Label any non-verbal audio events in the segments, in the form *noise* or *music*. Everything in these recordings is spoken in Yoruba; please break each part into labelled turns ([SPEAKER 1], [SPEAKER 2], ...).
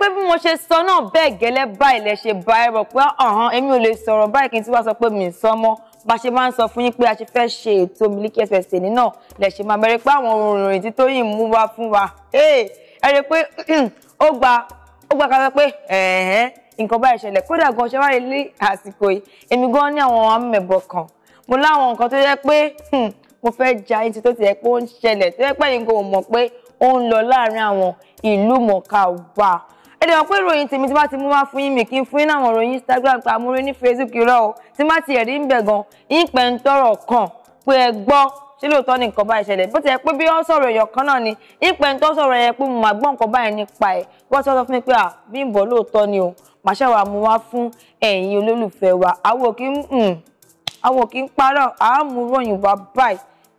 [SPEAKER 1] pé bí mo ṣe sọ náà bẹ́ẹ̀ gẹ́lẹ́ báyìí lẹ ṣe bá ẹ rọ̀ pé ọ̀hán èmi ò lè sọ̀rọ̀ báyìí kí n tí wàá sọ pé mi sọ mọ́ bá ṣe máa ń sọ fún yín pé a ṣe fẹ́ ṣe ètò Miliki Express tèmi náà lẹ ṣe máa bẹ̀rẹ̀ pé àwọn òròyìn tí Tóyìn mú wá fún wa ẹ rí pé *clears throat* ó gba ó gba káfẹ́ pé nǹkan báyìí ṣẹlẹ̀ kódà gan ṣe wáyé lé àsìkò yìí èmi gan ní àwọn amẹ̀bọ̀ kan mo láwọn nǹkan tó yẹ pé hmm, mo fẹ́ ja yín ti tó ti yẹ pé ó ń ṣẹlẹ̀ tó yẹ pé yín kò mọ̀ pé ó ń lọ láàárín àwọn ìlú mọ̀ọ́ká wa ẹ̀dẹ̀ wọn pé ìròyìn tèmi tí bá ti mú wá fún yín mi kí n fún yín náà àwọn ìròyìn Instagram pé amúre ní Facebook irọ́ o tí má ti ẹ̀rí ń bẹ̀ gan yín pẹ̀ ń tọrọ kan pé ẹ gbọ́ ṣé lóòótọ́ ni nǹkan bá ìṣẹ̀lẹ̀ bó ti yẹ pé bí wọ́n sọ̀rọ̀ èèyàn kan náà ni yín pẹ̀ ń tọ́ sọ̀rọ̀ yẹn pé mo máa gbọ́ nǹkan báyìí nípa ẹ̀ wọ́n sọ fún mi pé à Bímbọ́ lóòótọ́ ni o màṣẹ́ wa mo wá fún ẹ̀yin olólùfẹ́ wa àwọn òkì ń hmm, àwọn òkì ń parọ́ wa báyìí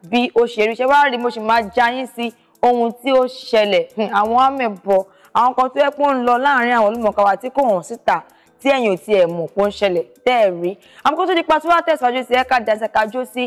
[SPEAKER 1] bí ó ṣe rí ṣe wá rí mo sì máa já sí ohun tí ó ṣẹlẹ̀ hmm, àwọn àmẹ̀bọ̀ àwọn kan tó yẹ pé ó ń lọ láàrin àwọn olùmọ̀ọ́ká wa tí kò hàn síta tí ẹ̀yin ò tiẹ̀ mọ̀ kó ń ṣẹlẹ̀ tẹ́ ẹ̀ rí àwọn kan tó di pàtó wá tẹ̀síwájú sí ẹ̀ka jàǹsàkájó sí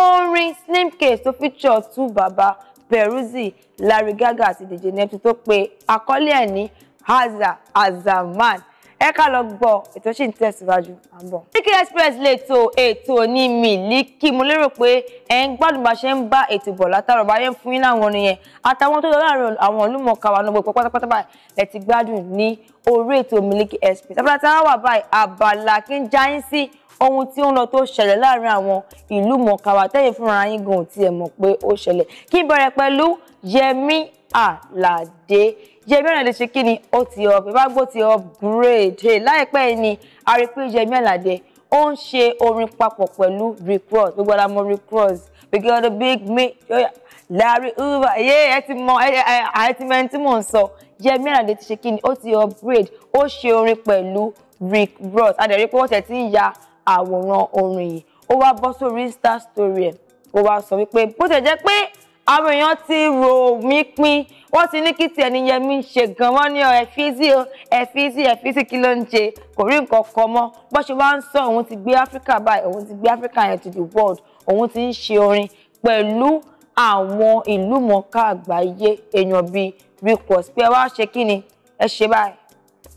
[SPEAKER 1] orin Slimcase tó feature tú bàbá Peruzzi Larry Gaga àti DJ Neptune tó pe àkọ́lé ẹ̀ ní Haza Azaman ẹ ká lọ gbọ́ ètò sì ń tẹ̀síwájú àbọ̀. Miliki Express lè to ètò ní Miliki mo lérò pé ẹ ń gbádùn bá ṣe ń bá ètò bọ̀ látàrọ bá yẹn fún yín láwọn orin yẹn àtàwọn tó lọ láàrin àwọn olùmọ̀ọ́ká wa náà pátápátá báyìí ẹ ti gbádùn ní orí ètò Miliki Express abala tí wọ́n báyìí abala kí ń já yín sí ohun tí ó ń lọ tó ṣẹlẹ̀ láàrin àwọn ìlú mọ̀ọ́kàwá tẹ́yìn fúnra yín gan ò tiẹ̀ mọ̀ pé ó ṣẹlẹ̀ kí n bẹ̀rẹ̀ pẹ̀lú Yẹmí Àlàdé Yẹmí Aládé ṣe kí ni ó ti up ìbágbó ti upgrade láìpẹ́ ni a rí pé Yẹmí Aládé ó ń ṣe orin papọ̀ pẹ̀lú Rick Ross gbogbo ara mọ Rick gbogbo ọdún big me Larry Uber yé ẹ ti mọ ẹ ti mẹni tí mò ń sọ Yẹmí Aládé ṣe kí ni ó ti upgrade ó ṣe orin pẹ̀lú Rick Ross a dẹ̀ rí pé wọ́n tẹ̀ ti ń ya àwòrán orin yìí ó wá bọ́ sórí Insta story ẹ̀ ó wá sọ wípé bó tẹ̀ jẹ́ pé àwọn èèyàn ti rò mí pín wọ́n ti ní kí ti ẹni yẹn mi ń ṣe gan wọ́n ní ẹ̀fíìsì o ẹ̀fíìsì ẹ̀fíìsì kí ló ń ṣe kò rí nǹkan kan mọ́ bó ṣe wá ń sọ òun ti gbé áfíríkà báyìí òun ti gbé áfíríkà yẹn to the world òun ti ń ṣe orin pẹ̀lú àwọn ìlú mọ̀ọ́ká àgbáyé èèyàn bíi rikos pé ẹ wá ṣe kí ni ẹ ṣe báyìí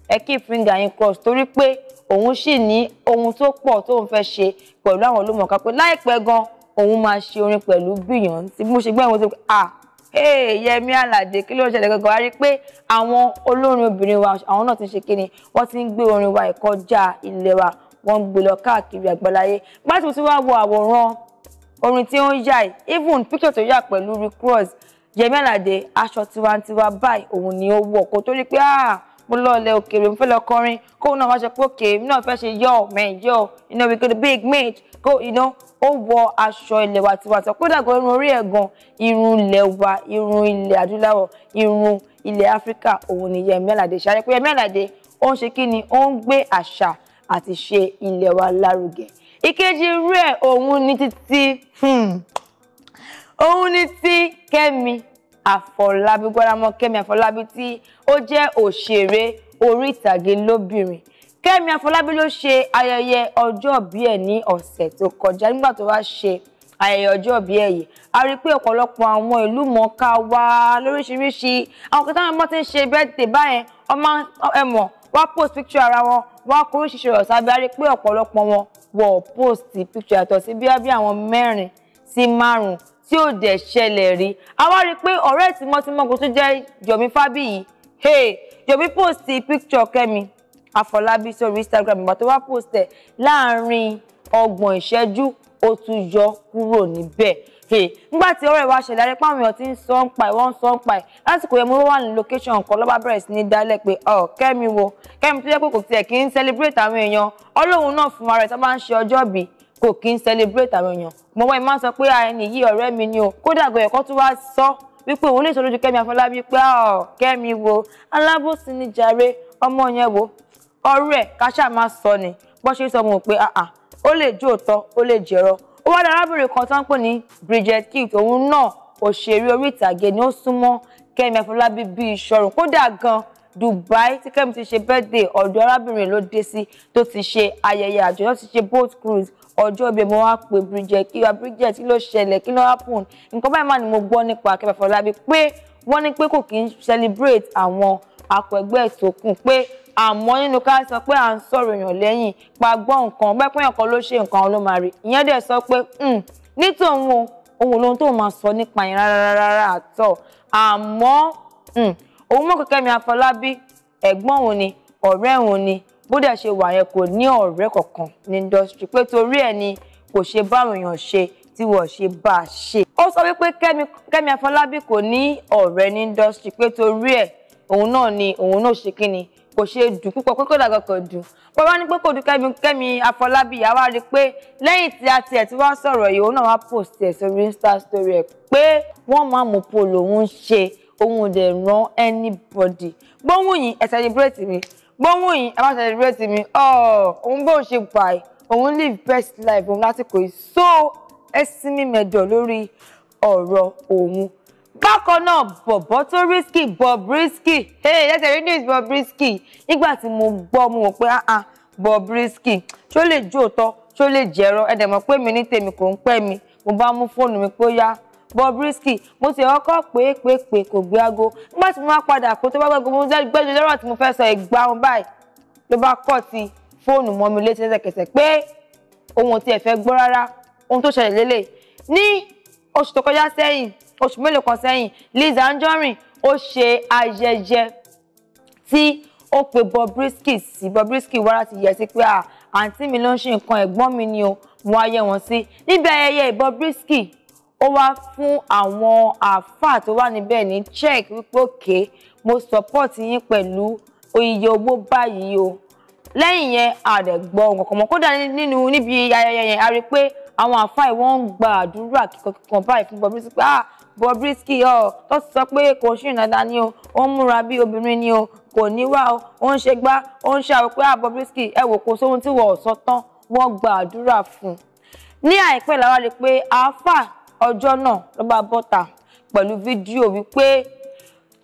[SPEAKER 1] ẹ kí fíńgà yín cross torí pé òun sì ní ohun tó pọ̀ tóun fẹ́ ṣe pẹ̀lú àwọn olùmọ̀ọ́ká pé láìpẹ́ gan-an òun máa ṣe orin pẹ̀lú Beyonce mo ṣe gbọ́ àwọn tó ń ee Yẹmi Alade kí ló ń ṣẹlẹ̀ kankan wá pé àwọn olórin obìnrin wa àwọn náà ti ṣe kíni wọ́n ti ń gbé orin wa ìkọjá ilẹ̀ wa wọ́n ń gbé lọ káàkiri àgbáláyé gbàtí mo ti wá wo àwòrán orin tí ó ń yà yìí even picture tó yà pẹ̀lú Rick Ross Yẹmi Alade aṣọ tiwantiwa báyìí òun ni ó wọ̀ kó tó pé ah mo lọ ilẹ̀ òkèèrè mo fẹ́ lọ kọrin kóun náà wá sọ pé òkè mi náà fẹ́ ṣe yọ man yọ you know we go the big mate go you know ó wọ aṣọ ilẹ̀ wa tiwantiwa kódà gan irun orí ẹ̀ gan irun ilẹ̀ wa irun ilẹ̀ adúláwọ̀ irun ilẹ̀ áfíríkà òun ni Yẹmí Aládé ṣáré pé Yẹmí Aládé ó ń ṣe kí ni ó ń gbé àṣà àti ṣe ilẹ̀ wa lárugẹ ìkejì rẹ̀ òun ni títí hmm, òun ni ti Kẹ́mi Àfọlábí Gbọ́lámọ́ Kẹ́mi Àfọlábí tí ó jẹ́ òṣèré orí ìtàgé lóbìnrin Kẹ́mi Àfọlábí ló ṣe ayẹyẹ ọjọ́bí ẹ̀ ní ọ̀sẹ̀ tó kọjá nígbà tó wá ṣe ayẹyẹ ọjọ́bí ẹ̀ yìí a rí i pé ọ̀pọ̀lọpọ̀ àwọn ìlú mọ̀ọ́ká wa lóríṣiríṣi àwọn kan táwọn ọmọ ti ń ṣe bẹ́ẹ̀dẹ̀ báyẹn ọmọ ẹ̀mọ̀ wá post picture ara wọn wá kó oríṣiríṣi ọ̀rọ̀ sábẹ́ a rí i pé ọ̀pọ̀lọpọ̀ wọn wọ̀ post picture yàtọ̀ sí bí wọ́n bí àwọn mẹ́rin sí márùn-ún tí ó dẹ̀ ṣẹlẹ̀ rí a wá rí i pé ọ̀rẹ́ tímọ́tímọ́ kò tún jẹ́ Yomi Fabiyi hey Yomi post picture Kẹ́mi Afọlábí sórí Instagram ìgbà tó wá post ẹ̀ láàrin ọgbọ̀n ìṣẹ́jú ó tún yọ kúrò níbẹ̀ nígbà tí ọ̀rọ̀ ìwà ṣẹlẹ̀ arípa àwọn èèyàn ti ń sọ ń pa ẹ̀ wọ́n ń sọ ń pa ẹ̀ lásìkò yẹn mo wà ní location kan lọ́ba bẹ̀rẹ̀ sí ní dálẹ̀ pé ọ oh, Kẹ́mi wo Kẹ́mi tó yẹ pé kò tiẹ̀ kí ń celebrate àwọn èèyàn ọlọ́run náà fún ara ẹ̀ tó bá ń ṣe ọjọ́ bíi kò kí ń celebrate àwọn èèyàn mo wọ́n máa ń sọ pé ẹni yìí ọ̀rẹ́ mi ni o kódà gan ẹ̀kọ́ tó wá sọ wípé òun lè sọ lójú Kẹ́mi Afọlábí pé ọ̀ Kẹ́mi wo alábòsí ni jàre ọmọ yẹn wo ọ̀rẹ́ káṣá máa sọ ni bó ṣe sọ mo pé àà ó lè jó òótọ́ ó lè jẹ̀rọ ó wá dára arábìnrin kan tó ń pè ní Bridget Kitt òun náà òṣèré orí ìtàgé ni ó súnmọ́ Kẹ́mi Afọlábí bíi ìṣọ̀rùn kódà gan-an Dubai tí Kẹ́mi ti ṣe birthday ọ̀dọ̀ arábìnrin ló dé sí tó ti ṣe ayẹyẹ àjọyọ̀ ti ṣe boat cruise ọjọ́ ibi mo wá pe Bridget kí wá Bridget kí ló ṣẹlẹ̀ kí ló happen nǹkan báyìí mà ni mo gbọ́ nípa Kẹ́mi Àfọlábí pé wọ́n ní pé kò kí ń celebrate àwọn akọ̀ẹ̀gbẹ́ ìsòkùn pé àmọ́ nínú ká sọ pé à ń sọ̀rọ̀ èèyàn lẹ́yìn pa gbọ́ nǹkan bẹ́ẹ̀ pé nǹkan ló ṣe nǹkan ló máa rí ìyẹn dẹ̀ sọ pé hmm, ní tòun ohun lóhun tóun máa sọ nípa yẹn rárá rárá àtọ̀ àmọ́ hmm, òun mọ̀ pé Kẹ́mi Afọlábí ẹ̀gbọ́n òun ni ọ̀rẹ́ òun ni bó dẹ̀ ṣe wà yẹn kò ní ọ̀rẹ́ kankan ní industry pé torí ẹ̀ ni kò ṣe báwọn èèyàn ṣe tí wọ́n ṣe bá a ṣe. ó sọ wípé Kẹ́mi Afọlábí kò ní ọ̀rẹ́ ní industry pé torí ẹ̀ òun náà ni òun náà ṣe kíni kò ṣe dùn púpọ̀ pé kò dàgbà kan dùn wọ́n wá ní pé kò dùn Kẹ́mi Kẹ́mi Afọlábí yà wá rí i pé lẹ́yìn tí a tiẹ̀ ti wá sọ̀rọ̀ yìí òun náà wá post ẹ̀ sórí insta story ẹ̀ pé wọ́n máa mú polo òun ṣe òun ò dẹ̀ ràn anybody gbóhùn yìí ẹ celebrate mi gbóhùn yìí ẹ má celebrate mi oh, òun bó ṣe gbà ẹ òun live best life òun lásìkò yìí so ẹ sinmi mẹjọ lórí ọ̀rọ̀ òun bákan náà bọ̀bọ̀ tó risky Bobrisky hey ẹsẹ̀ rí news Bobrisky nígbà tí mo gbọ́ mo mọ̀ pé ah ah Bobrisky ṣó lè jó òótọ́ ṣó lè jẹ̀rọ ẹ̀dẹ̀ mọ̀ pé mi ní tèmi kò ń pẹ́ mi mo bá mú fóònù mi pé ó yá Bobrisky mo ti ọkọ pé pé pé kò gbé aago nígbà tí mo máa padà kó tó bá gbàgbọ́ mo gbẹ́jọ lọ́rọ̀ tí mo fẹ́ sọ ìgbà wọn báyìí ló bá kọ́ ti fóònù mọ́ mi létí lẹ́sẹ̀kẹsẹ̀ pé ohun tí ẹ fẹ́ gbọ́ rárá ohun tó ṣẹlẹ̀ lélẹ̀ ní oṣù tó kọjá sẹ́yìn oṣù mélòó kan sẹ́yìn Liz Anjorin ó ṣe ayẹyẹ tí ó pe Bobrisky sí Bobrisky wá láti yẹ sí pé àǹtí mi ló ń ṣe nǹkan ẹ̀gbọ́n mi ni o mo wá yẹ wọn sí níbi ayẹyẹ Bobrisky ó wá fún àwọn àáfàá tó wà níbẹ̀ ní check wípé òkè mo support yín pẹ̀lú iye owó báyìí o lẹ́yìn yẹn àrẹ̀gbọ́ nǹkan mọ́ kódà nínú níbi ayẹyẹ yẹn a rí i pé àwọn àfáì wọ́n ń gba àdúrà kíkan báyìí fún Bobrisky pé ah Bobrisky ọ tó ti sọ pé kò ṣì dáadáa ni o ó ń múra bí obìnrin ni o kò níwà o ó ń ṣe gbá ó ń ṣàwọ pé ah Bobrisky ẹ wò kó sóhun tí wọ́n sọ tán wọ́n gba àdúrà fún un. ní àìpẹ́ làwa rí i pé àáfàá ọjọ́ náà ló bá bọ́ta pẹ̀lú fídíò wípé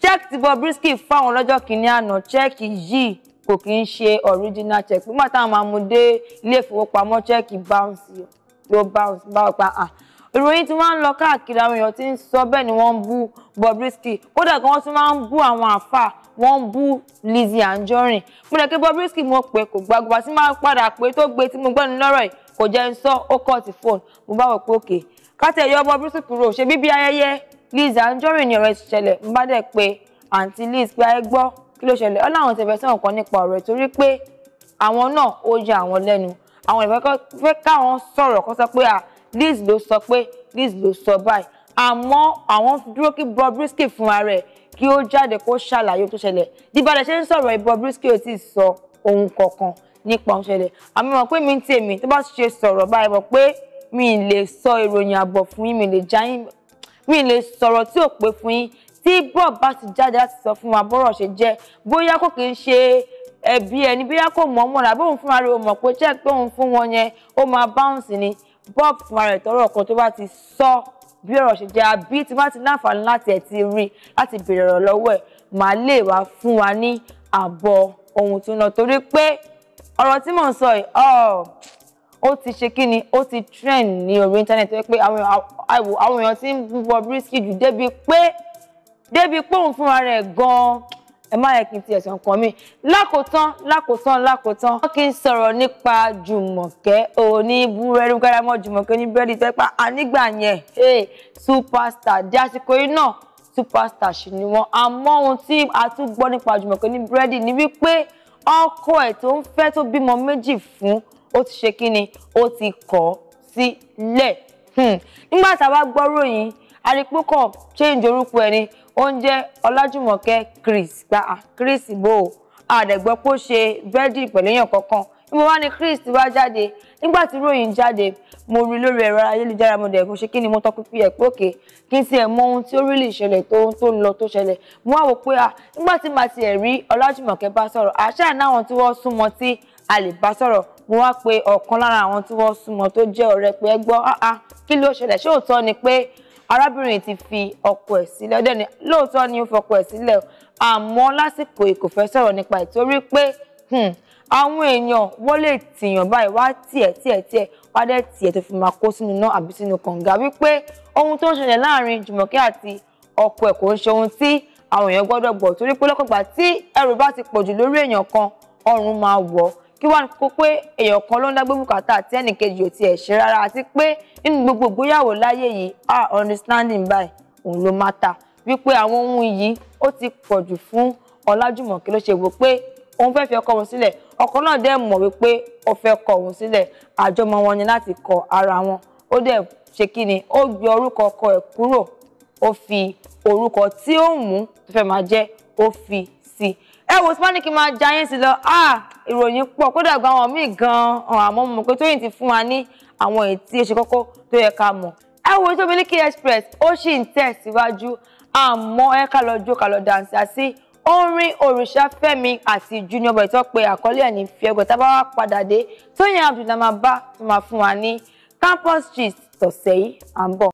[SPEAKER 1] check ti Bobrisky fáwọn lọ́jọ́ kìíní àná check yìí kò kí ń ṣe original check nígbà táwọn máa mú dé ilé ìfowópamọ́ check bounce ló bounce báwo pa à ìròyìn tí wọ́n ń lọ káàkiri àwọn èèyàn tí ń sọ bẹ́ẹ̀ ni wọ́n ń bú Bobrisky kódà gan wọ́n tún máa ń bú àwọn àáfàá wọ́n ń bú Lizzie Anjorin mo lè ké Bobrisky mo pè kò gbàgbà tí máa padà pé tó gbé tí mo gbẹ́nu lọ́rọ̀ yìí kò jẹ́ ń sọ ó kọ́ ti fóònù mo bá wọ̀ pé òkè káti ẹ̀yọ́ Bob Risky kúrò ṣe bíbí ayẹyẹ Liz Anjorin ni ọ̀rọ̀ ti ṣẹlẹ̀ ń bá dẹ̀ pé àǹtí Liz pé ayé gbọ́ kí ló ṣẹlẹ̀ ó láwọn ti fẹ́ sẹ́wọ̀n kan nípa ọ̀rọ̀ torí pé àwọn náà ó yà àwọn lẹ́nu àwọn ìfẹ́ káwọn sọ̀rọ̀ kan sọ pé à Liz ló sọ pé Liz ló sọ báyìí àmọ́ àwọn dúró kí Bob Risky fúnra rẹ̀ kí ó jáde kó ṣàlàyé tó ṣẹlẹ̀ dìbàdàn ṣe ń sọ̀rọ̀ Bob Risky ò tí ì sọ ohun kankan nípa ohun ṣẹlẹ̀ àmọ́ pé mi ń tèmi tó bá ṣe sọ̀rọ̀ báyìí mọ̀ pé mi lè sọ ìròyìn àbọ̀ fún yín mi lè já yín mi lè sọ̀rọ̀ tí ò pé fún yín tí bro bá ti jáde láti sọ fún wa bọ́rọ̀ ṣe jẹ́ bóyá kò kì í ṣe ẹbí ẹni bóyá kò mọ̀ mọ̀ làbí òun fúnra rẹ̀ ò mọ̀ pé jẹ́ pé òun fún wọn yẹn ó máa báùnsì ni bob fúnra rẹ̀ tọrọ ọkọ tó bá ti sọ bí ọ̀rọ̀ ṣe jẹ́ àbí tí bá ti láǹfààní láti ẹ̀ ti rí láti béèrè ọ̀rọ̀ lọ́wọ́ ẹ̀ màá lè wá fún wa ní àbọ̀ ohun tó ń lọ torí pé ọ̀rọ̀ tí mò ń sọ yìí oh, ó ti ṣe kí ni ó ti trend ní orí internet tó yẹ pé àwọn èèyàn ti ń wọ Brisky jù débi pé débi pé òun fúnra rẹ̀ gan-an ẹ má yẹ kí n ti ẹ̀sùn kan mi lákòótán lákòótán lákòótán wọn kì í sọ̀rọ̀ nípa Jùmọ̀kẹ́ oníbúrẹ́dì gbádámọ́ Jùmọ̀kẹ́ oníbúrẹ́dì tẹ́pá ànígbà yẹn superstar di àsìkò yìí náà superstar sì ni wọn àmọ́ ohun tí a tún gbọ́ nípa Jùmọ̀kẹ́ oníbúrẹ́dì ni wípé ọkọ ẹ̀ tó ń fẹ́ tó bímọ méjì fún ó ti ṣe kí ni ó ti kọ̀ sílẹ̀ hmm. nígbà tá a bá gbọ́rọ̀ yìí aripúkọ̀ change orúkọ ẹni ó ń chris gba chris bo. ó àdẹ̀gbọ́ pò ṣe búrẹ́dì pẹ̀lú kankan bí mo wá ní chris ti wá jáde nígbà tí ròyìn jáde mo rí lórí ẹ̀rọ ayélujára mo dẹ̀ kó ṣe kí ni mo tọpinpin ẹ̀ pé òkè kí n tiẹ̀ mọ ohun tí ó rí lè ṣẹlẹ̀ tó ohun tó ń lọ tó ṣẹlẹ̀ mo wá wò pé à nígbà tí màá tiẹ̀ rí ọlájùmọ̀kẹ́ bá sọ̀rọ̀ àṣà náà àwọn tí wọ́n súnmọ́ tí a lè bá sọ̀rọ̀ mo wá pe ọ̀kan lára àwọn tí wọ́n súnmọ́ tó jẹ́ ọ̀rẹ́ pé ẹ gbọ́ áá ah, ah, kí ló ṣẹlẹ̀ ṣé òótọ́ ni pé arábìnrin ti fi ọkọ ẹ̀ sílẹ̀ ọdẹ ni lóòótọ́ ni ó fọkọ ẹ̀ sílẹ̀ àmọ́ lásìkò kò sọ̀rọ̀ nípa ìtorí pé hmm, àwọn èèyàn wọ́n lè tìyàn báyìí wá tiẹ̀ tiẹ̀ tiẹ̀ wá dẹ̀ tiẹ̀ tó fi máa kó sínú náà àbí sínú kànga wípé ohun tó ń ṣẹlẹ̀ láàrin Jùmọ̀kẹ́ àti ọkọ ẹ̀ kò ń ṣe ohun tí àwọn èèyàn gbọ́dọ̀ gbọ́ torí pé lọ́kọ̀gbà tí ẹrù bá ti pọ̀jù lórí èèyàn kan ọrùn máa wọ̀ ọ́ kí wàá kó pé èèyàn kan ló ń dágbé bùkátà tí ẹnìkejì ò tiẹ̀ ṣe rárá àti pé nínú gbogbo ìgbéyàwó láyé yìí our understanding by òun ló má ta wípé àwọn ohun yìí ó ti pọ̀ jù fún Ọlájùmọ̀kẹ́ ló ṣe wò pé òun fẹ́ fi ọkọ òun sílẹ̀ ọkọ náà dẹ̀ mọ̀ wípé ó fẹ́ kọ òun sílẹ̀ àjọmọ wọn ni láti kọ ara wọn ó dẹ̀ ṣe kí ni ó gbé orúkọ ọkọ ẹ̀ kúrò ó fi orúkọ tí ó mú tó fẹ́ máa jẹ́ ó fi sí i ẹ wo spani kí n máa ja yín sí lọ ah, ìròyìn pọ̀ kódà gba àwọn míì gan-an àmọ́ mo mọ̀ pé Tóyìn ti fún wa ní àwọn èyí tí ó ṣe kókó tó yẹ ká mọ̀ ẹ wo tó Miliki Express ó sì ń tẹ̀síwájú àmọ́ ẹ ká lọ jó ká lọ dànsá sí orin Òrìṣàfẹ́mi àti Junior Boy tó pe àkọlé ẹ̀ ní fiẹ́gbẹ́ tábà wá padà dé Tóyìn Abdul náà máa bá tó máa fún wa ní campus gist tọ̀sẹ̀ yìí à ń bọ̀.